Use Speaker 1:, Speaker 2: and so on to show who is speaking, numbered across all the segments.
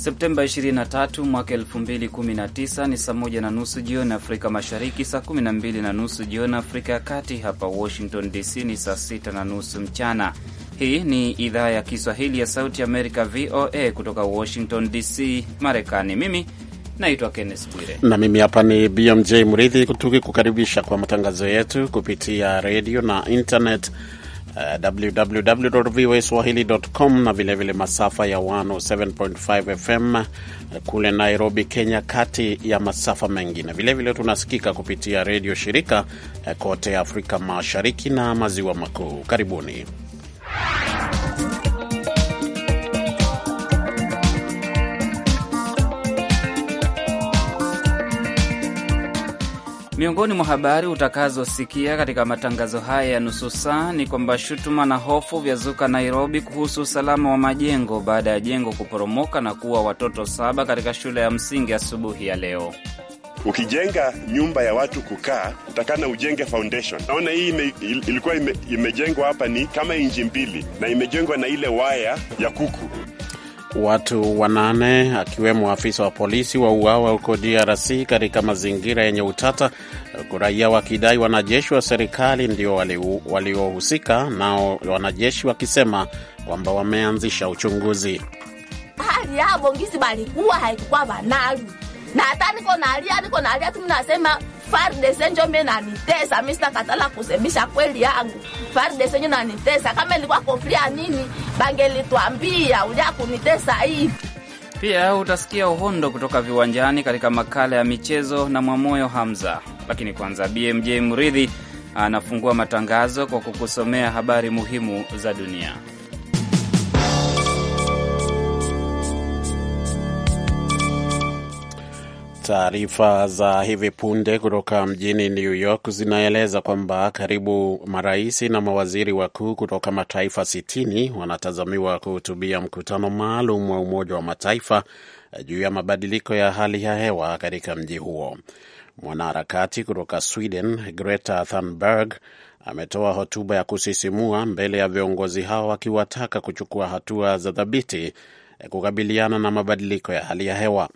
Speaker 1: Septemba 23 mwaka 2019 ni saa moja na nusu jioni Afrika Mashariki, saa 12 na nusu jioni Afrika ya Kati. Hapa Washington DC ni saa 6 na nusu mchana. Hii ni idhaa ya Kiswahili ya Sauti Amerika, VOA, kutoka Washington DC, Marekani. Mimi naitwa Kenneth Bwire
Speaker 2: na mimi hapa ni BMJ Mridhi, tukikukaribisha kwa matangazo yetu kupitia redio na internet www.voaswahili.com na vilevile vile masafa ya 107.5 FM kule Nairobi, Kenya, kati ya masafa mengine. Vilevile vile tunasikika kupitia redio shirika eh, kote Afrika Mashariki na Maziwa Makuu. Karibuni.
Speaker 1: Miongoni mwa habari utakazosikia katika matangazo haya ya nusu saa ni kwamba shutuma na hofu vyazuka Nairobi kuhusu usalama wa majengo baada ya jengo kuporomoka na kuua watoto saba katika shule ya msingi asubuhi ya, ya leo. Ukijenga
Speaker 3: nyumba ya watu kukaa, utakana ujenge foundation. Naona hii ime, ilikuwa ime, imejengwa hapa ni kama inji mbili na imejengwa na ile waya ya kuku.
Speaker 2: Watu wanane akiwemo afisa wa polisi wauawa huko DRC katika mazingira yenye utata, huku raia wakidai wanajeshi wa serikali ndio waliohusika wali, nao wanajeshi wakisema kwamba wameanzisha uchunguzi.
Speaker 4: Hali yavo ngisi balikuwa haikukwa vanali na hata niko nalia, niko nalia tu nasema FARDC njo mimi nanitesa mimi, sitakataa kusemisha kweli yangu. FARDC njo nanitesa, kama ilikuwa kofia nini bangelituambia uja kunitesa hivi.
Speaker 1: Pia utasikia uhondo kutoka viwanjani katika makala ya michezo na Mwamoyo Hamza, lakini kwanza BMJ Mridhi anafungua matangazo kwa kukusomea
Speaker 2: habari muhimu za dunia. Taarifa za hivi punde kutoka mjini New York zinaeleza kwamba karibu marais na mawaziri wakuu kutoka mataifa sitini wanatazamiwa kuhutubia mkutano maalum wa Umoja wa Mataifa juu ya mabadiliko ya hali ya hewa katika mji huo. Mwanaharakati kutoka Sweden Greta Thunberg ametoa hotuba ya kusisimua mbele ya viongozi hao akiwataka kuchukua hatua za thabiti kukabiliana na mabadiliko ya hali ya hewa.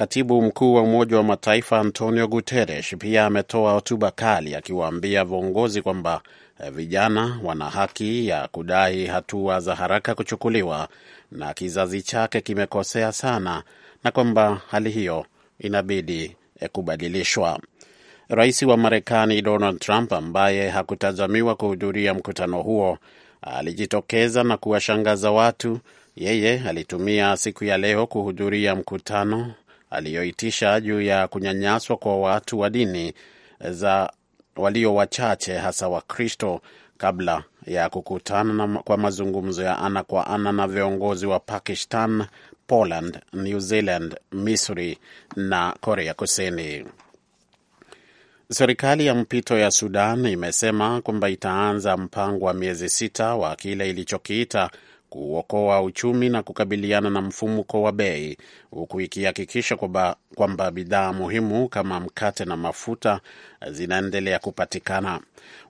Speaker 2: Katibu mkuu wa Umoja wa Mataifa Antonio Guterres pia ametoa hotuba kali akiwaambia viongozi kwamba eh, vijana wana haki ya kudai hatua za haraka kuchukuliwa na kizazi chake kimekosea sana na kwamba hali hiyo inabidi eh, kubadilishwa. Rais wa Marekani Donald Trump ambaye hakutazamiwa kuhudhuria mkutano huo alijitokeza na kuwashangaza watu. Yeye alitumia siku ya leo kuhudhuria mkutano aliyoitisha juu ya kunyanyaswa kwa watu wa dini za walio wachache hasa Wakristo kabla ya kukutana kwa mazungumzo ya ana kwa ana na viongozi wa Pakistan, Poland, New Zealand, Misri na Korea Kusini. Serikali ya mpito ya Sudan imesema kwamba itaanza mpango wa miezi sita wa kile ilichokiita kuokoa uchumi na kukabiliana na mfumuko wa bei, huku ikihakikisha kwamba bidhaa muhimu kama mkate na mafuta zinaendelea kupatikana.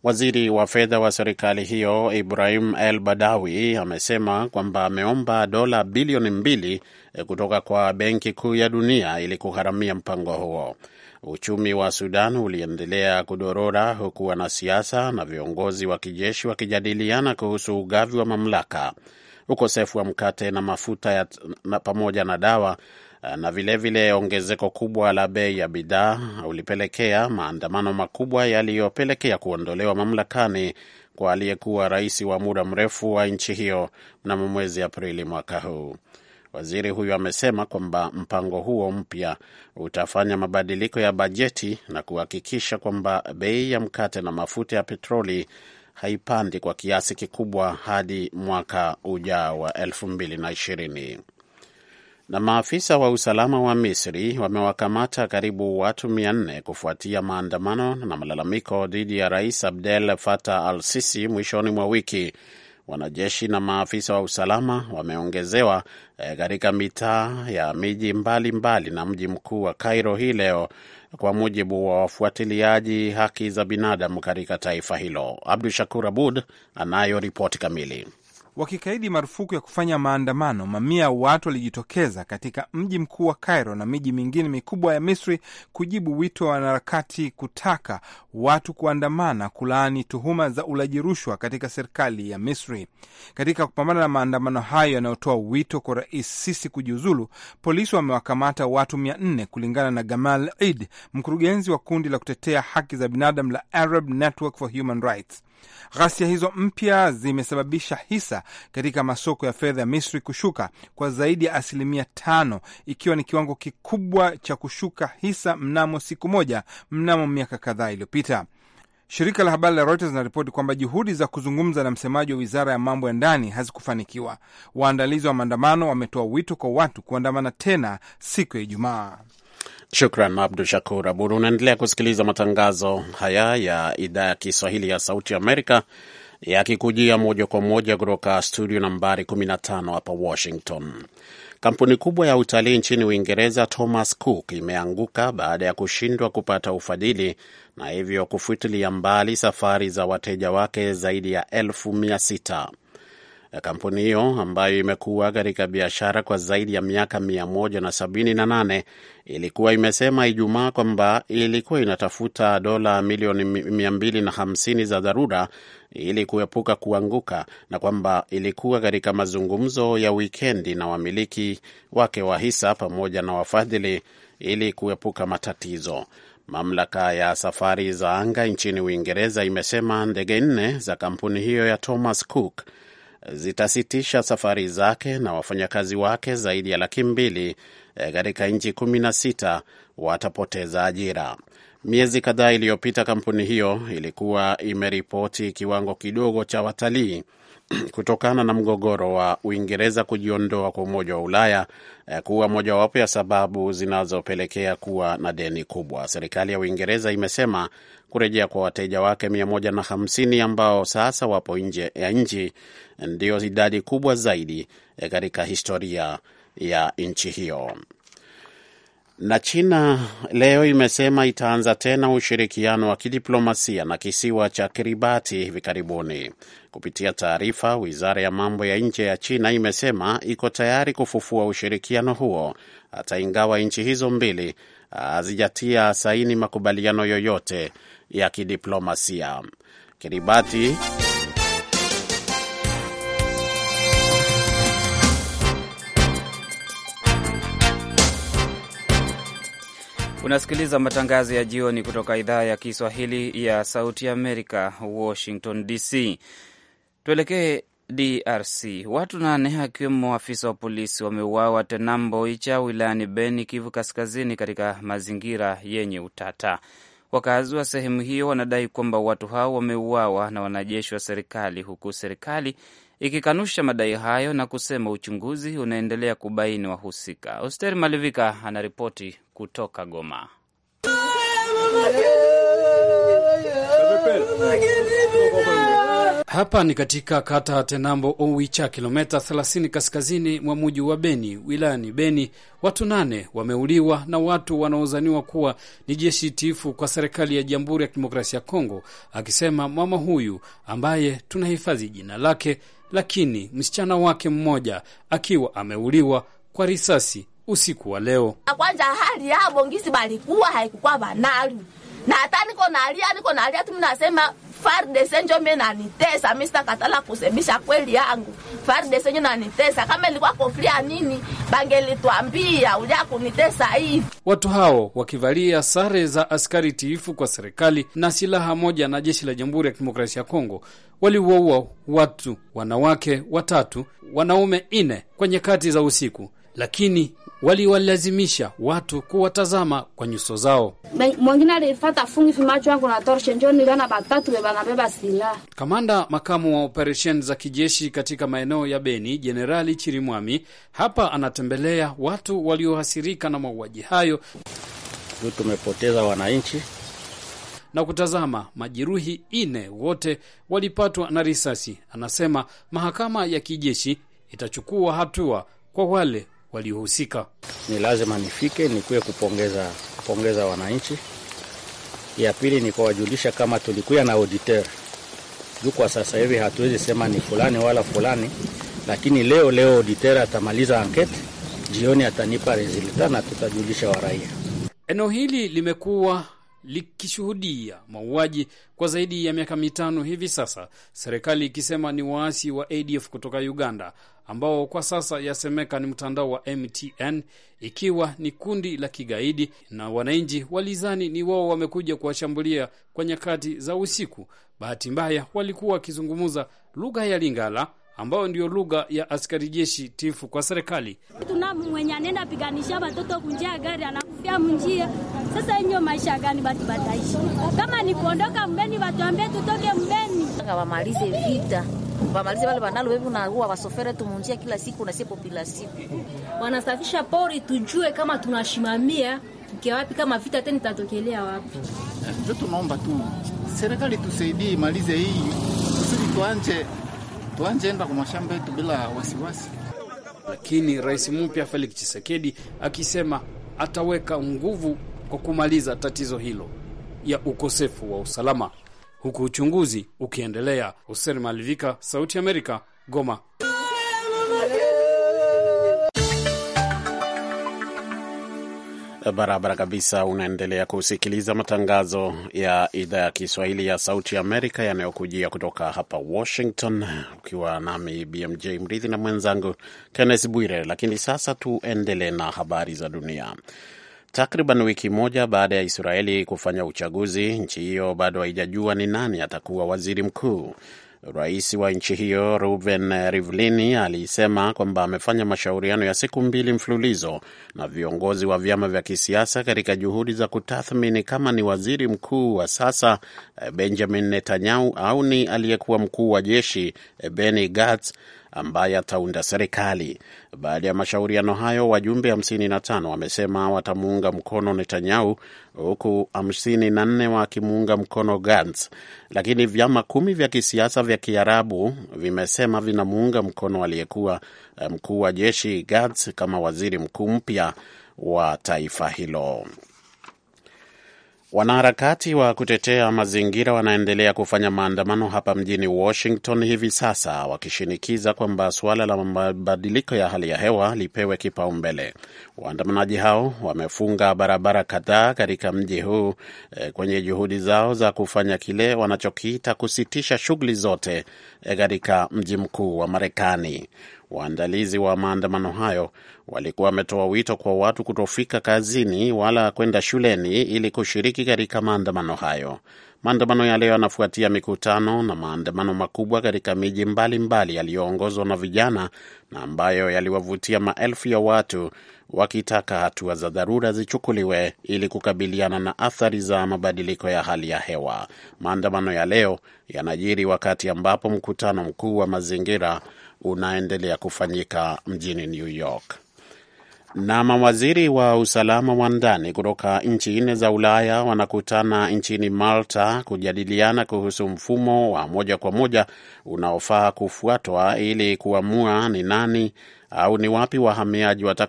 Speaker 2: Waziri wa fedha wa serikali hiyo Ibrahim El Badawi amesema kwamba ameomba dola bilioni mbili kutoka kwa Benki Kuu ya Dunia ili kugharamia mpango huo. Uchumi wa Sudan uliendelea kudorora huku wanasiasa na viongozi wa kijeshi wakijadiliana kuhusu ugavi wa mamlaka ukosefu wa mkate na mafuta ya, na pamoja na dawa eh, na vilevile vile ongezeko kubwa la bei ya bidhaa ulipelekea maandamano makubwa yaliyopelekea kuondolewa mamlakani kwa aliyekuwa rais wa muda mrefu wa nchi hiyo mnamo mwezi Aprili mwaka huu. Waziri huyo amesema kwamba mpango huo mpya utafanya mabadiliko ya bajeti na kuhakikisha kwamba bei ya mkate na mafuta ya petroli haipandi kwa kiasi kikubwa hadi mwaka ujao wa 2020. Na maafisa wa usalama wa Misri wamewakamata karibu watu 400 kufuatia maandamano na malalamiko dhidi ya Rais Abdel Fattah al-Sisi mwishoni mwa wiki Wanajeshi na maafisa wa usalama wameongezewa eh, katika e, mitaa ya miji mbalimbali mbali na mji mkuu wa Cairo hii leo, kwa mujibu wa wafuatiliaji haki za binadamu katika taifa hilo. Abdu Shakur Abud anayo ripoti kamili
Speaker 5: wakikaidi marufuku ya kufanya maandamano, mamia ya watu walijitokeza katika mji mkuu wa Cairo na miji mingine mikubwa ya Misri kujibu wito wa wanaharakati kutaka watu kuandamana kulaani tuhuma za ulaji rushwa katika serikali ya Misri. Katika kupambana na maandamano hayo yanayotoa wito kwa Rais Sisi kujiuzulu, polisi wamewakamata watu mia nne kulingana na Gamal id mkurugenzi wa kundi la kutetea haki za binadamu la Arab Network for Human Rights. Ghasia hizo mpya zimesababisha hisa katika masoko ya fedha ya Misri kushuka kwa zaidi ya asilimia tano, ikiwa ni kiwango kikubwa cha kushuka hisa mnamo siku moja mnamo miaka kadhaa iliyopita. Shirika la habari la Reuters linaripoti kwamba juhudi za kuzungumza na msemaji wa wizara ya mambo ya ndani hazikufanikiwa. Waandalizi wa maandamano wametoa wito kwa watu kuandamana tena siku ya Ijumaa.
Speaker 2: Shukran Abdu Shakur Abud. Unaendelea kusikiliza matangazo haya ya idhaa ya Kiswahili ya Sauti Amerika yakikujia moja kwa moja kutoka studio nambari 15 hapa Washington. Kampuni kubwa ya utalii nchini Uingereza, Thomas Cook, imeanguka baada ya kushindwa kupata ufadhili na hivyo kufutilia mbali safari za wateja wake zaidi ya elfu mia sita. Kampuni hiyo ambayo imekuwa katika biashara kwa zaidi ya miaka 178 ilikuwa imesema Ijumaa kwamba ilikuwa inatafuta dola milioni 250 za dharura ili kuepuka kuanguka na kwamba ilikuwa katika mazungumzo ya wikendi na wamiliki wake wa hisa pamoja na wafadhili ili kuepuka matatizo. Mamlaka ya safari za anga nchini Uingereza imesema ndege nne za kampuni hiyo ya Thomas Cook zitasitisha safari zake na wafanyakazi wake zaidi ya laki mbili eh, katika nchi kumi na sita watapoteza ajira. Miezi kadhaa iliyopita, kampuni hiyo ilikuwa imeripoti kiwango kidogo cha watalii kutokana na mgogoro wa Uingereza kujiondoa kwa Umoja wa Ulaya eh, kuwa mojawapo ya sababu zinazopelekea kuwa na deni kubwa. Serikali ya Uingereza imesema kurejea kwa wateja wake 150 ambao sasa wapo nje ya nchi ndiyo idadi kubwa zaidi eh, katika historia ya nchi hiyo. Na China leo imesema itaanza tena ushirikiano wa kidiplomasia na kisiwa cha Kiribati hivi karibuni. Kupitia taarifa, wizara ya mambo ya nje ya China imesema iko tayari kufufua ushirikiano huo hata ingawa nchi hizo mbili hazijatia saini makubaliano yoyote ya kidiplomasia. Kiribati
Speaker 1: Unasikiliza matangazo ya jioni kutoka idhaa ya Kiswahili ya Sauti Amerika, Washington DC. Tuelekee DRC. Watu nane akiwemo afisa wa polisi wameuawa Tenambo Icha wilayani Beni, Kivu Kaskazini, katika mazingira yenye utata. Wakazi wa sehemu hiyo wanadai kwamba watu hao wameuawa na wanajeshi wa serikali, huku serikali ikikanusha madai hayo na kusema uchunguzi unaendelea kubaini wahusika. oster Malivika anaripoti kutoka Goma.
Speaker 6: Hapa ni katika kata Tenambo Owicha, kilometa 30 kaskazini mwa muji wa Beni, wilayani Beni. Watu nane wameuliwa na watu wanaozaniwa kuwa ni jeshi tifu kwa serikali ya Jamhuri ya Kidemokrasia ya Kongo, akisema mama huyu ambaye tunahifadhi jina lake, lakini msichana wake mmoja akiwa ameuliwa kwa risasi usiku wa leo.
Speaker 4: Kwanza hali yabo ngisi balikuwa haikukwa banalu na hata niko nalia, niko nalia tu, mnasema FARDC njo mimi nanitesa. Mimi sitakatala kusemesha kweli yangu, FARDC njo nanitesa. Kama ilikuwa kofia nini, bangelitwambia ulia kunitesa hivi.
Speaker 6: Watu hao wakivalia sare za askari tiifu kwa serikali na silaha moja na jeshi la Jamhuri ya Kidemokrasia ya Kongo waliwaua watu wanawake watatu wanaume nne kwenye kati za usiku, lakini waliwalazimisha watu kuwatazama kwa nyuso zao.
Speaker 4: alifata fungi yangu na torshe njo niliona batatu wanabeba silaha.
Speaker 6: Kamanda makamu wa operesheni za kijeshi katika maeneo ya Beni, Jenerali Chirimwami, hapa anatembelea watu waliohasirika na mauaji hayo.
Speaker 2: Tumepoteza wananchi
Speaker 6: na kutazama majeruhi ine wote walipatwa na risasi. Anasema mahakama ya kijeshi itachukua hatua kwa wale waliohusika.
Speaker 2: Ni lazima nifike nikuye kupongeza, kupongeza wananchi. Ya pili ni kuwajulisha kama tulikuya na auditeur juu kwa sasa hivi hatuwezi sema ni fulani wala fulani, lakini leo leo auditor atamaliza ankete, jioni atanipa resulta na tutajulisha waraia.
Speaker 6: Eneo hili limekuwa likishuhudia mauaji kwa zaidi ya miaka mitano hivi sasa, serikali ikisema ni waasi wa ADF kutoka Uganda ambao kwa sasa yasemeka ni mtandao wa MTN, ikiwa ni kundi la kigaidi, na wananchi walizani ni wao wamekuja kuwashambulia kwa nyakati za usiku. Bahati mbaya walikuwa wakizungumza lugha ya Lingala ambayo ndiyo lugha ya askari jeshi tifu kwa serikali.
Speaker 1: Tuna mwenye anenda piganisha watoto kunjia gari anakufia mnjia. Sasa nyo maisha gani watu
Speaker 4: wataishi? Kama ni kuondoka Mbeni, watuambie tutoke Mbeni, wamalize vita wamalize wale wanalo wewe na huwa wasofere tumunjia kila siku na siepo bila wanasafisha pori, tujue kama tunashimamia tukia wapi, kama vita tena tatokelea wapi.
Speaker 6: Eh, ndio tunaomba tu serikali tusaidie imalize hii kusudi tuanje enda kwa mashamba yetu bila wasiwasi. Lakini rais mpya Felix Tshisekedi akisema ataweka nguvu kwa kumaliza tatizo hilo ya ukosefu wa usalama, huku uchunguzi ukiendelea. Hussein Malivika, Sauti ya Amerika, Goma.
Speaker 2: Barabara kabisa. Unaendelea kusikiliza matangazo ya idhaa ya Kiswahili ya Sauti Amerika yanayokujia kutoka hapa Washington, ukiwa nami BMJ Mridhi na mwenzangu kennes Bwire. Lakini sasa tuendelee na habari za dunia. Takriban wiki moja baada ya Israeli kufanya uchaguzi, nchi hiyo bado haijajua ni nani atakuwa waziri mkuu. Rais wa nchi hiyo Ruben rivlini alisema kwamba amefanya mashauriano ya siku mbili mfululizo na viongozi wa vyama vya kisiasa katika juhudi za kutathmini kama ni waziri mkuu wa sasa eh, Benjamin Netanyahu au ni aliyekuwa mkuu wa jeshi eh, Benny Gantz ambaye ataunda serikali. Baada ya mashauriano hayo, wajumbe 55 wamesema watamuunga mkono Netanyahu, huku 54 wakimuunga mkono Gantz, lakini vyama kumi vya kisiasa vya Kiarabu vimesema vinamuunga mkono aliyekuwa eh, mkuu wa jeshi Gantz kama waziri mkuu mpya wa taifa hilo. Wanaharakati wa kutetea mazingira wanaendelea kufanya maandamano hapa mjini Washington hivi sasa, wakishinikiza kwamba suala la mabadiliko ya hali ya hewa lipewe kipaumbele. Waandamanaji hao wamefunga barabara kadhaa katika mji huu e, kwenye juhudi zao za kufanya kile wanachokiita kusitisha shughuli zote eh, katika e, mji mkuu wa Marekani. Waandalizi wa maandamano hayo walikuwa wametoa wito kwa watu kutofika kazini wala kwenda shuleni ili kushiriki katika maandamano hayo. Maandamano ya leo yanafuatia mikutano na maandamano makubwa katika miji mbalimbali yaliyoongozwa na vijana na ambayo yaliwavutia maelfu ya watu wakitaka hatua wa za dharura zichukuliwe ili kukabiliana na athari za mabadiliko ya hali ya hewa. Maandamano ya leo yanajiri wakati ambapo mkutano mkuu wa mazingira unaendelea kufanyika mjini New York. Na mawaziri wa usalama wa ndani kutoka nchi nne za Ulaya wanakutana nchini Malta kujadiliana kuhusu mfumo wa moja kwa moja unaofaa kufuatwa ili kuamua ni nani au ni wapi wahamiaji wat,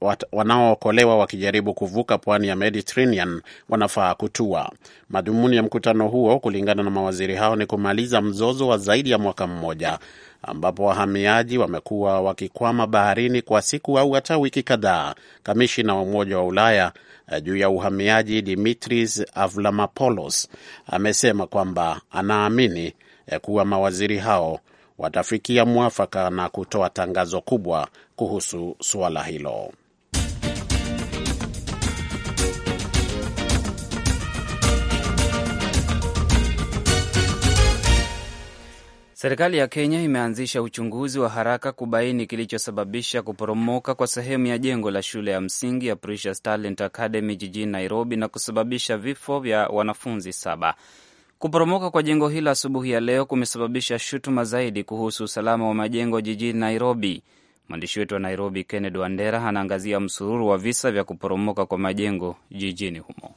Speaker 2: wat, wanaookolewa wakijaribu kuvuka pwani ya Mediterranean wanafaa kutua. Madhumuni ya mkutano huo kulingana na mawaziri hao ni kumaliza mzozo wa zaidi ya mwaka mmoja ambapo wahamiaji wamekuwa wakikwama baharini kwa siku au hata wiki kadhaa. Kamishina wa Umoja wa Ulaya eh, juu ya uhamiaji Dimitris Avramopoulos amesema kwamba anaamini eh, kuwa mawaziri hao watafikia mwafaka na kutoa tangazo kubwa kuhusu suala hilo.
Speaker 1: Serikali ya Kenya imeanzisha uchunguzi wa haraka kubaini kilichosababisha kuporomoka kwa sehemu ya jengo la shule ya msingi ya Precious Talent Academy jijini Nairobi na kusababisha vifo vya wanafunzi saba. Kuporomoka kwa jengo hilo asubuhi ya leo kumesababisha shutuma zaidi kuhusu usalama wa majengo jijini Nairobi. Mwandishi wetu wa Nairobi, Kennedy Wandera, anaangazia msururu wa visa vya kuporomoka kwa majengo jijini humo.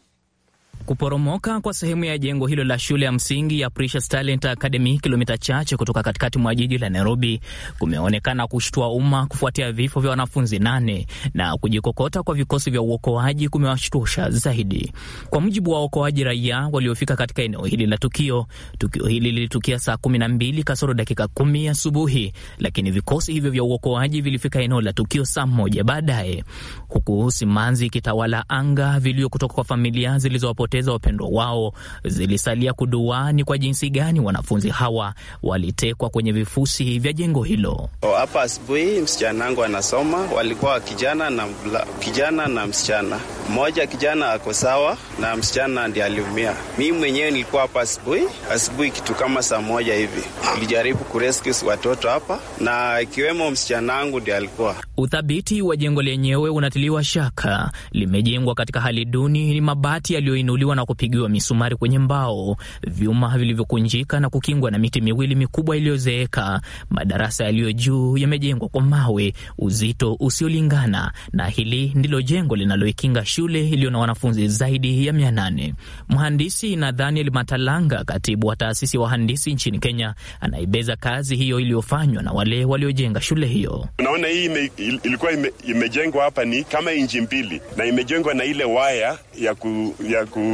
Speaker 4: Kuporomoka kwa sehemu ya jengo hilo la shule ya msingi ya Precious Talent Academy, kilomita chache kutoka katikati mwa jiji la Nairobi, kumeonekana kushtua umma kufuatia vifo vya wanafunzi nane na kujikokota kwa vikosi vya uokoaji kumewashtusha zaidi. Kwa mujibu wa waokoaji raia waliofika katika eneo hili la tukio, tukio hili lilitukia saa kumi na mbili kasoro dakika kumi asubuhi, lakini vikosi hivyo vya uokoaji vilifika eneo la tukio saa moja baadaye, huku simanzi ikitawala anga, vilio kutoka kwa familia zilizowapo kupoteza wapendwa wao zilisalia kuduani kwa jinsi gani wanafunzi hawa walitekwa kwenye vifusi vya jengo hilo.
Speaker 2: Hapa oh, asubuhi msichana wangu anasoma, walikuwa kijana na mbla, kijana na msichana mmoja. Kijana ako sawa na msichana ndiye aliumia. Mi mwenyewe nilikuwa hapa asubuhi asubuhi, kitu kama saa moja hivi, nilijaribu kurescue watoto hapa na ikiwemo msichana wangu ndiye alikuwa.
Speaker 4: Uthabiti wa jengo lenyewe unatiliwa shaka, limejengwa katika hali duni, ni mabati yaliyoinuliwa kushambuliwa na kupigiwa misumari kwenye mbao, vyuma vilivyokunjika na kukingwa na miti miwili mikubwa iliyozeeka. Madarasa yaliyo juu yamejengwa kwa mawe, uzito usiolingana, na hili ndilo jengo linaloikinga shule iliyo na wanafunzi zaidi ya mia nane. Mhandisi na Daniel Matalanga, katibu wa taasisi ya wahandisi nchini Kenya, anaibeza kazi hiyo iliyofanywa na wale waliojenga shule hiyo.
Speaker 3: Tunaona hii ime, ilikuwa ime, imejengwa hapa ni kama inji mbili na imejengwa na ile waya ya, ku, ya ku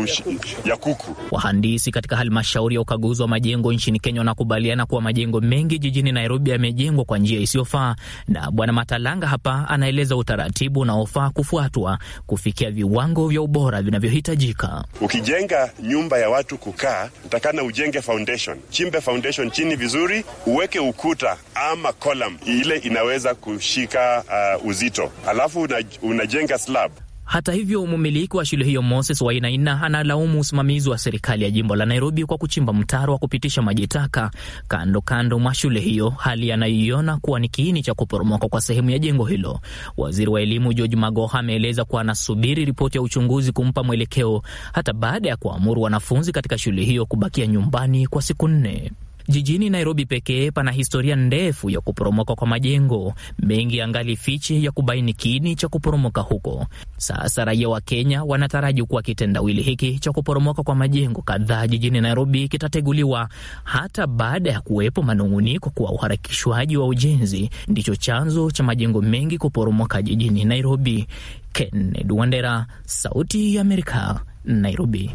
Speaker 4: ya kuku. Wahandisi katika halmashauri ya ukaguzi wa majengo nchini Kenya wanakubaliana kuwa majengo mengi jijini Nairobi yamejengwa kwa njia isiyofaa, na Bwana Matalanga hapa anaeleza utaratibu unaofaa kufuatwa kufikia viwango vya ubora vinavyohitajika.
Speaker 3: Ukijenga nyumba ya watu kukaa, takana ujenge foundation, chimbe foundation chini vizuri, uweke ukuta ama column ile inaweza kushika uh, uzito, alafu unajenga slab
Speaker 4: hata hivyo, mumiliki wa shule hiyo Moses Wainaina analaumu usimamizi wa serikali ya jimbo la Nairobi kwa kuchimba mtaro wa kupitisha maji taka kando kando mwa shule hiyo, hali anayoiona kuwa ni kiini cha kuporomoka kwa sehemu ya jengo hilo. Waziri wa elimu George Magoha ameeleza kuwa anasubiri ripoti ya uchunguzi kumpa mwelekeo, hata baada ya kuamuru wanafunzi katika shule hiyo kubakia nyumbani kwa siku nne. Jijini Nairobi pekee pana historia ndefu ya kuporomoka kwa majengo mengi, angali fiche ya kubaini kini cha kuporomoka huko. Sasa raia wa Kenya wanataraji kuwa kitendawili hiki cha kuporomoka kwa majengo kadhaa jijini Nairobi kitateguliwa hata baada ya kuwepo manung'uniko kuwa uharakishwaji wa ujenzi ndicho chanzo cha majengo mengi kuporomoka jijini Nairobi. Kennedy Wandera, Sauti ya Amerika, Nairobi.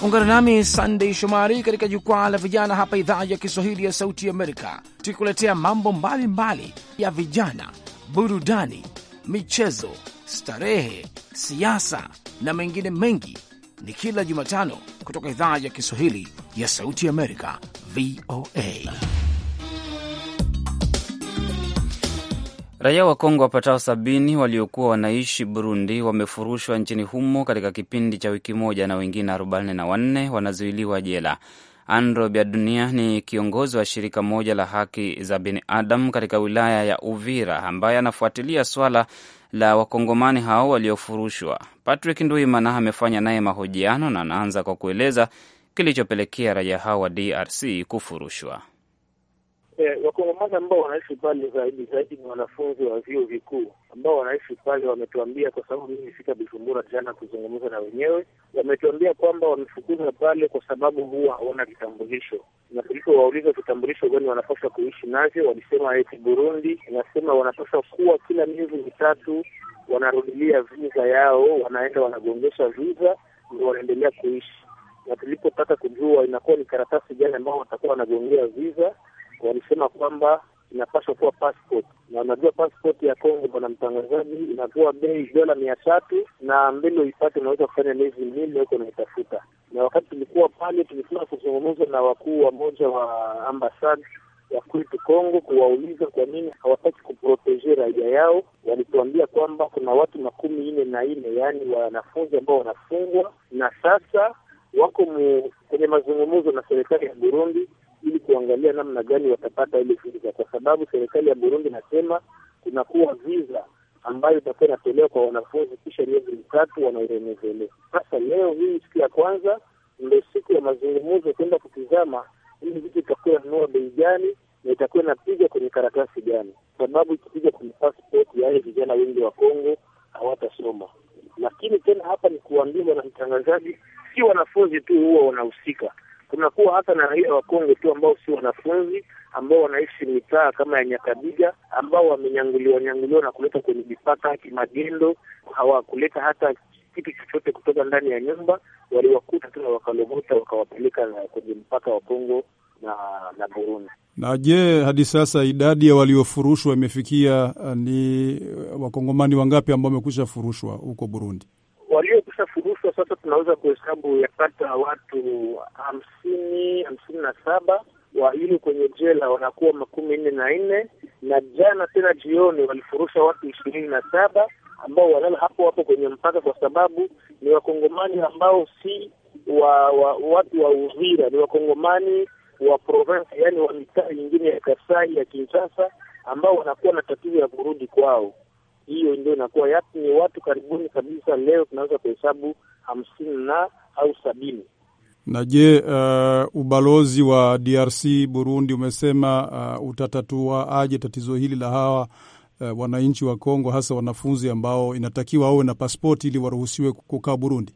Speaker 7: Ungana nami Sandey Shomari katika jukwaa la vijana hapa idhaa ya Kiswahili ya Sauti Amerika, tukikuletea mambo mbalimbali mbali ya vijana, burudani, michezo, starehe, siasa na mengine mengi. Ni kila Jumatano kutoka idhaa ya Kiswahili ya Sauti Amerika, VOA.
Speaker 1: Raia wa Kongo wapatao sabini waliokuwa wanaishi Burundi wamefurushwa nchini humo katika kipindi cha wiki moja na wengine arobaini na wanne wanazuiliwa jela. Andro biadunia ni kiongozi wa shirika moja la haki za binadamu katika wilaya ya Uvira ambaye anafuatilia swala la wakongomani hao waliofurushwa. Patrick Nduimana amefanya naye mahojiano na anaanza kwa kueleza kilichopelekea raia hao wa DRC kufurushwa
Speaker 8: eh, wakongomani ambao wanaishi pale zaidi zaidi ni wanafunzi wa vyuo vikuu ambao wanaishi pale wametuambia, kwa sababu mimi nilifika Bujumbura jana kuzungumza na wenyewe, wametuambia kwamba wamefukuza pale kwa sababu huwa hawana vitambulisho, na wauliza vitambulisho gani wanapaswa kuishi navyo, walisema eti Burundi inasema wanapaswa kuwa kila miezi mitatu wanarudilia viza yao, wanaenda wanagongesha viza ndio wanaendelea kuishi, na tulipotaka kujua inakuwa ni karatasi gani ambao watakuwa wanagongea viza walisema kwamba inapaswa kuwa passport na unajua passport ya Kongo bwana mtangazaji, inakuwa bei dola mia tatu na mbele uipate unaweza kufanya miezi minne huko unaitafuta. Na wakati tulikuwa pale, tulifuna kuzungumza na wakuu wa moja wa ambasadi ya kwetu Kongo kuwauliza kwa nini hawataki kuproteje raia yao. Walituambia kwamba kuna watu makumi nne na nne yaani wanafunzi ambao wanafungwa na sasa wako mu, kwenye mazungumzo na serikali ya Burundi ili kuangalia namna gani watapata ile visa, kwa sababu serikali ya Burundi inasema kunakuwa visa ambayo itakuwa inatolewa kwa wanafunzi kisha miezi mitatu wanairenezelea. Sasa leo hii siku ya kwanza ndio siku ya mazungumzo, kwenda kutizama hili vitu itakuwa inanunua bei gani na itakuwa inapiga kwenye karatasi gani, sababu ikipiga kwenye passport, yaani vijana wengi wa Kongo hawatasoma. Lakini tena hapa ni kuambiwa na mtangazaji, si wanafunzi tu huwa wanahusika kunakuwa hata na raia wa Kongo tu ambao si wanafunzi ambao wanaishi mitaa kama ya Nyakabiga ambao wamenyanguliwa nyanguliwa na kuleta kwenye mipaka kimagendo, hawakuleta hata kitu chochote kutoka ndani ya nyumba, waliwakuta tu na wakalogota wakawapeleka kwenye mpaka wa Kongo na na Burundi.
Speaker 7: Na je, hadi sasa idadi ya waliofurushwa imefikia eh, ni eh, wakongomani wangapi ambao wamekwisha furushwa huko Burundi?
Speaker 8: sasa tunaweza kuhesabu yapata watu hamsini hamsini na saba wayulu kwenye jela wanakuwa makumi nne na nne na jana tena jioni walifurusha watu ishirini na saba ambao walala hapo hapo kwenye mpaka, kwa sababu ni wakongomani ambao si wa, wa watu wa Uvira, ni wakongomani wa province, yani wa mitaa yingine ya Kasai ya Kinshasa, ambao wanakuwa na tatizo ya kurudi kwao. Hiyo ndio inakuwa yapi, ni watu karibuni kabisa, leo tunaweza kuhesabu hamsini na au sabini.
Speaker 7: Na je, uh, ubalozi wa DRC Burundi umesema uh, utatatua aje tatizo hili la hawa uh, wananchi wa Kongo hasa wanafunzi ambao inatakiwa awe na paspoti ili waruhusiwe kukaa Burundi?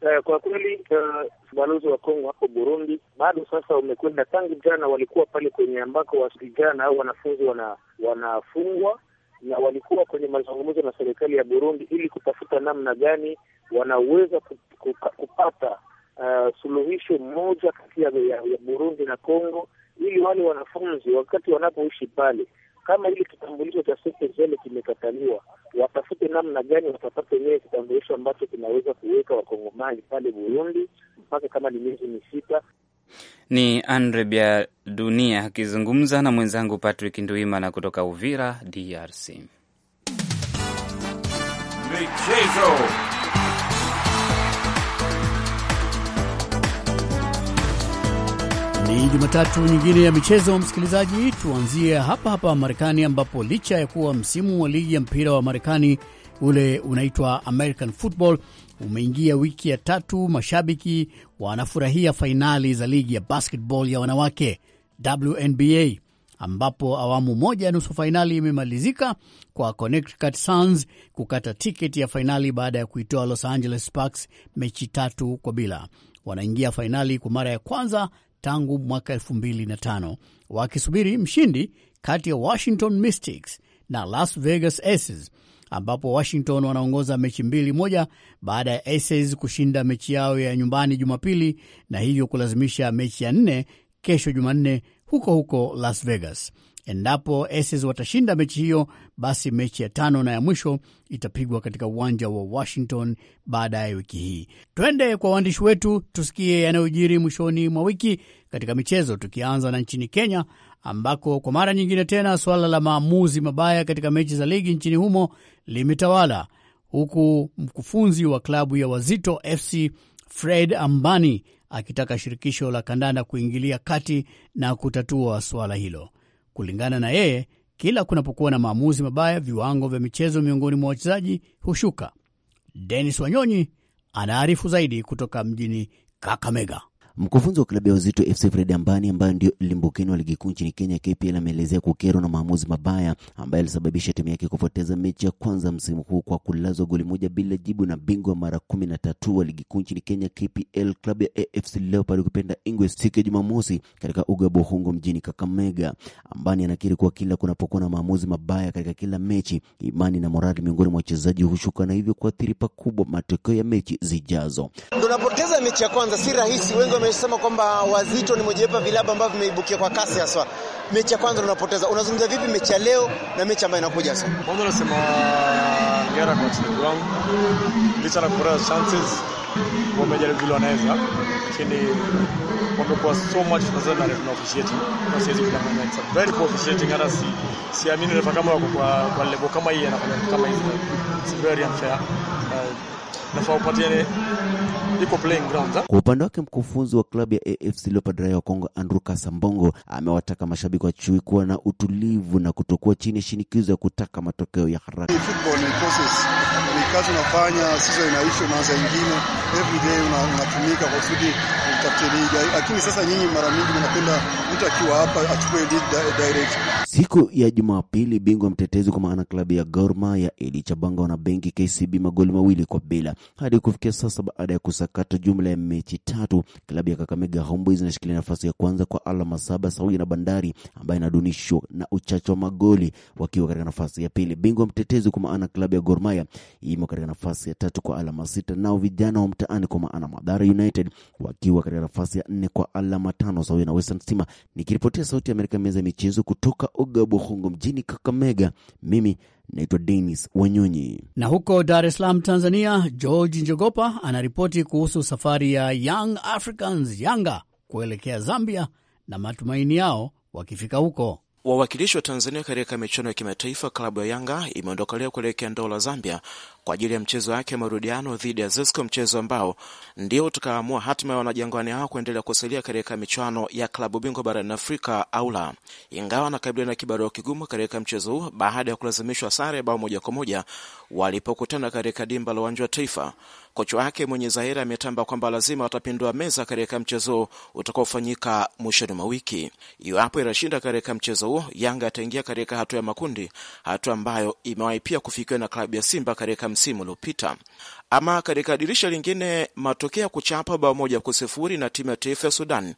Speaker 8: Eh, kwa kweli uh, ubalozi wa Kongo hapo Burundi bado sasa umekwenda, tangu jana walikuwa pale kwenye ambako wasijana au wanafunzi wana, wanafungwa na walikuwa kwenye mazungumzo na serikali ya Burundi ili kutafuta namna gani wanaweza kupata uh, suluhisho moja kati ya, ya Burundi na Kongo ili wale wanafunzi wakati wanapoishi pale kama ile kitambulisho cha CPVL kimekataliwa, watafute namna gani watapata wenyewe kitambulisho ambacho kinaweza kuweka wakongomani pale Burundi mpaka kama ni miezi misita.
Speaker 1: Ni Andre Bia Dunia akizungumza na mwenzangu Patrick Nduimana kutoka Uvira, DRC.
Speaker 6: Michezo.
Speaker 9: Ni Jumatatu nyingine ya michezo, msikilizaji. Tuanzie hapa hapa Marekani, ambapo licha ya kuwa msimu wa ligi ya mpira wa Marekani ule unaitwa American Football umeingia wiki ya tatu, mashabiki wanafurahia fainali za ligi ya basketball ya wanawake WNBA, ambapo awamu moja ya nusu fainali imemalizika kwa Connecticut Suns kukata tiketi ya fainali baada ya kuitoa Los Angeles Sparks mechi tatu kwa bila. Wanaingia fainali kwa mara ya kwanza tangu mwaka 2005 wakisubiri mshindi kati ya Washington Mystics na Las Vegas Aces ambapo Washington wanaongoza mechi mbili moja baada ya Aces kushinda mechi yao ya nyumbani Jumapili na hivyo kulazimisha mechi ya nne kesho Jumanne huko huko Las Vegas. Endapo Aces watashinda mechi hiyo, basi mechi ya tano na ya mwisho itapigwa katika uwanja wa Washington baadaye wiki hii. Twende kwa waandishi wetu tusikie yanayojiri mwishoni mwa wiki katika michezo, tukianza na nchini Kenya ambako kwa mara nyingine tena suala la maamuzi mabaya katika mechi za ligi nchini humo limetawala, huku mkufunzi wa klabu ya Wazito FC Fred Ambani akitaka shirikisho la kandanda kuingilia kati na kutatua suala hilo. Kulingana na yeye, kila kunapokuwa na maamuzi mabaya, viwango vya michezo miongoni mwa wachezaji hushuka. Denis Wanyonyi anaarifu zaidi kutoka mjini Kakamega.
Speaker 10: Mkufunzi wa klabu ya Uzito FC Fred Ambani ambaye ndio limbukeni wa ligi kuu nchini Kenya KPL ameelezea kukerwa na maamuzi mabaya ambayo alisababisha timu yake kupoteza mechi ya kwanza msimu huu kwa kulazwa goli moja bila jibu na bingwa mara kumi na tatu wa ligi kuu nchini Kenya KPL klabu ya AFC Leopards kupenda Ingwe siku ya Jumamosi katika uga wa Bohungo mjini Kakamega. Ambani anakiri kuwa kila kunapokuwa na maamuzi mabaya katika kila mechi, imani na morali miongoni mwa wachezaji hushuka na hivyo kuathiri pakubwa matokeo ya mechi zijazo. Tunapoteza mechi ya kwanza si rahisi. Wengi wamesema kwamba Wazito ni mojawapo ya vilabu ambavyo vimeibukia kwa kasi haswa. Mechi ya kwanza unapoteza, unazungumza vipi mechi ya leo na mechi ambayo inakuja sasa? Kwanza nasema uh, ngera kwa wachezaji wangu, licha na kupoteza chances
Speaker 3: wamejaribu vile wanaweza, lakini wamekuwa so much faster than officiating. Kwa sasa kuna kama ni very poor officiating, hata si siamini refa kama wako kwa level kama hii anafanya kama hizi, it's very unfair. Uh, nafaa upatiane
Speaker 8: iko playing grounds.
Speaker 10: Kwa upande wake mkufunzi wa klabu ya AFC Leopards raia wa Kongo Andrew Kasambongo amewataka mashabiki wa chui kuwa na utulivu na kutokuwa chini ya shinikizo ya kutaka matokeo ya haraka. Football ni process, ni kazi unafanya, season inaisha, unaanza ingine, every day unatumika kwa kusudi utafute ligi, lakini sasa nyinyi mara mingi mnapenda mtu akiwa
Speaker 3: hapa achukue lead direct.
Speaker 10: Siku ya Jumapili, bingwa mtetezi kwa maana klabu ya Gor Mahia ilichabanga na benki KCB magoli mawili kwa bila hadi kufikia sasa. Baada ya kusakata jumla ya mechi tatu, klabu ya Kakamega Homeboys inashikilia nafasi ya kwanza kwa alama saba sawia na Bandari ambaye inadunishwa na uchache wa magoli wakiwa katika nafasi ya pili. Bingwa mtetezi kwa maana klabu ya gormaya imo katika nafasi ya tatu kwa alama sita, nao vijana wa mtaani kwa maana Madhara United wakiwa katika nafasi ya nne kwa alama tano sawia na Western Stima. Nikiripotia Sauti ya Amerika meza ya michezo kutoka Ogabohongo mjini Kakamega, mimi Naitwa Denis Wanyonyi.
Speaker 9: Na huko Dar es Salaam, Tanzania, George Njogopa anaripoti kuhusu safari ya Young Africans Yanga kuelekea Zambia na matumaini yao wakifika huko.
Speaker 7: Wawakilishi wa Tanzania katika michuano ya kimataifa, klabu ya Yanga imeondokelea kuelekea ndoo la Zambia kwa ajili ya mchezo wake wa marudiano dhidi ya ZESCO, mchezo ambao ndio utakaamua hatima ya wanajangwani hao kuendelea kusalia katika michuano ya klabu bingwa barani Afrika au la. Ingawa anakabiliwa na kibarua kigumu katika mchezo huu baada ya kulazimishwa sare bao moja kwa moja walipokutana katika dimba la uwanja wa Taifa. Kocha wake mwenye Zaire ametamba kwamba lazima watapindua meza katika mchezo utakaofanyika mwishoni mwa wiki. Iwapo itashinda katika mchezo huo, Yanga ataingia katika hatua ya makundi, hatua ambayo imewahi pia kufikiwa na klabu ya Simba katika msimu uliopita. Ama katika dirisha lingine, matokeo ya kuchapa bao moja kwa sifuri na timu ya taifa ya Sudan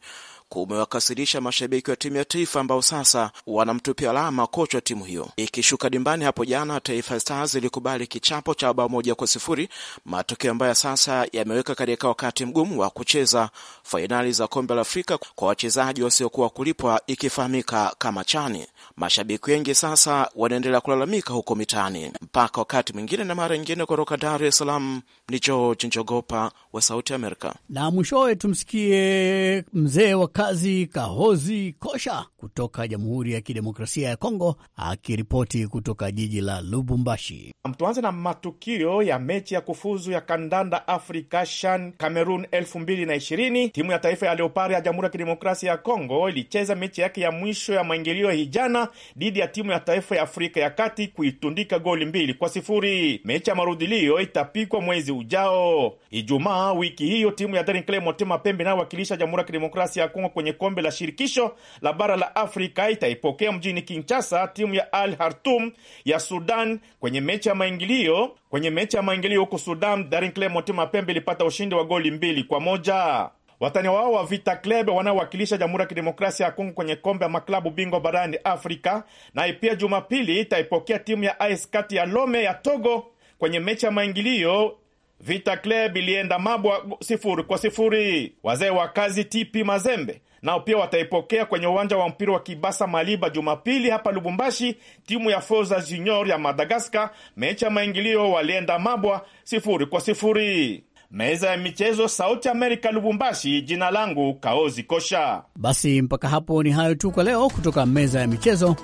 Speaker 7: kumewakasirisha mashabiki wa timu ya taifa ambao sasa wanamtupia alama kocha wa timu hiyo. Ikishuka dimbani hapo jana, Taifa Stars ilikubali kichapo cha bao moja kwa sifuri, matokeo ambayo sasa yameweka katika wakati mgumu wa kucheza fainali za kombe la Afrika kwa wachezaji wasiokuwa kulipwa ikifahamika kama chani. Mashabiki wengi sasa wanaendelea kulalamika huko mitaani. Mpaka wakati mwingine na mara nyingine. Kutoka Dar es Salaam ni George Njogopa wa Sauti Amerika.
Speaker 9: Na mwishowe tumsikie mzee wa Kazi Kahozi Kosha kutoka Jamhuri ya Kidemokrasia ya Kongo akiripoti kutoka jiji la Lubumbashi.
Speaker 3: Tuanze na matukio ya mechi ya kufuzu ya kandanda Afrika Shan Cameroon 2020. Timu ya taifa ya Leopard ya Jamhuri ya Kidemokrasia ya Kongo ilicheza mechi yake ya mwisho ya maingilio hijana dhidi ya timu ya taifa ya Afrika ya Kati kuitundika goli mbili kwa sifuri. Mechi ya marudhilio itapikwa mwezi ujao Ijumaa wiki hiyo. Timu ya Daring Club Motema Pembe inayowakilisha Jamhuri ya Kidemokrasia ya Kongo kwenye kombe la shirikisho la bara la Afrika itaipokea mjini Kinshasa timu ya Al Hartum ya Sudan kwenye mechi ya maingilio kwenye mechi ya maingilio huku Sudan Daring ya Pembe ilipata ushindi wa goli mbili kwa moja. Watani wao wa Vita Club wanaowakilisha Jamhuri ya Kidemokrasia ya Kongo kwenye kombe ya maklabu bingwa barani Afrika naye pia Jumapili itaipokea timu ya AS Kati ya Lome ya Togo kwenye mechi ya maingilio Vita Club ilienda Mabwa sifuri kwa sifuri. Wazee wa kazi TP Mazembe nao pia wataipokea kwenye uwanja wa mpira wa Kibasa Maliba Jumapili hapa Lubumbashi, timu ya Forza Junior ya Madagaskar. Mechi ya maingilio walienda Mabwa sifuri kwa sifuri. Meza ya michezo, Sauti Amerika, Lubumbashi. Jina langu Kaozi Kosha.
Speaker 9: Basi mpaka hapo ni hayo tu kwa leo, kutoka meza ya michezo.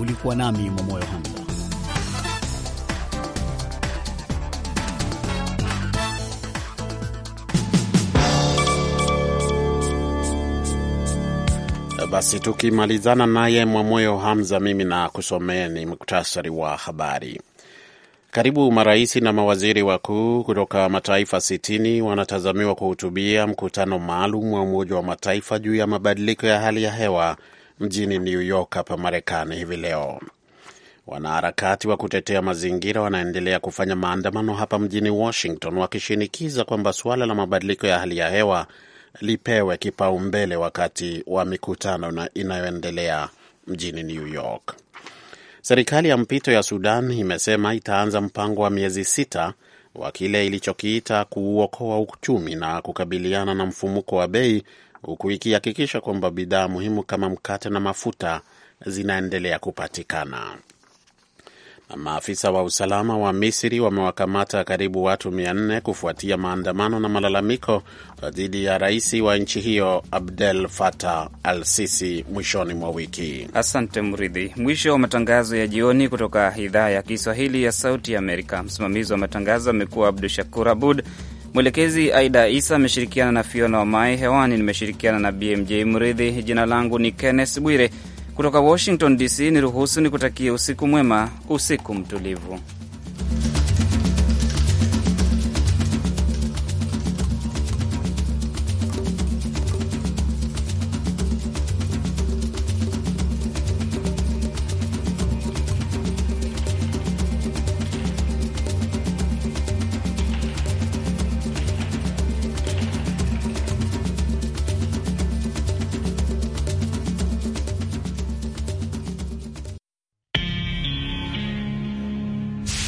Speaker 9: Ulikuwa nami momoyo Hamza.
Speaker 2: Basi tukimalizana naye Mwamoyo Hamza, mimi na ni muktasari wa habari. Karibu marais na mawaziri wakuu kutoka mataifa 60 wanatazamiwa kuhutubia mkutano maalum wa Umoja wa Mataifa juu ya mabadiliko ya hali ya hewa mjini New York hapa Marekani hivi leo. Wanaharakati wa kutetea mazingira wanaendelea kufanya maandamano hapa mjini Washington wakishinikiza kwamba suala la mabadiliko ya hali ya hewa lipewe kipaumbele wakati wa mikutano inayoendelea mjini New York. Serikali ya mpito ya Sudan imesema itaanza mpango wa miezi sita wa kile ilichokiita kuuokoa uchumi na kukabiliana na mfumuko wa bei, huku ikihakikisha kwamba bidhaa muhimu kama mkate na mafuta zinaendelea kupatikana. Maafisa wa usalama wa Misri wamewakamata karibu watu 400 kufuatia maandamano na malalamiko dhidi ya rais wa nchi hiyo Abdel Fattah al Sisi mwishoni mwa wiki. Asante Mridhi. Mwisho wa matangazo ya jioni kutoka idhaa ya Kiswahili ya
Speaker 1: Sauti Amerika. Msimamizi wa matangazo amekuwa Abdu Shakur Abud, mwelekezi Aida Isa ameshirikiana na Fiona Wamai. Hewani nimeshirikiana na BMJ Mridhi. Jina langu ni Kenneth Bwire. Kutoka Washington DC, niruhusu nikutakie usiku mwema, usiku mtulivu.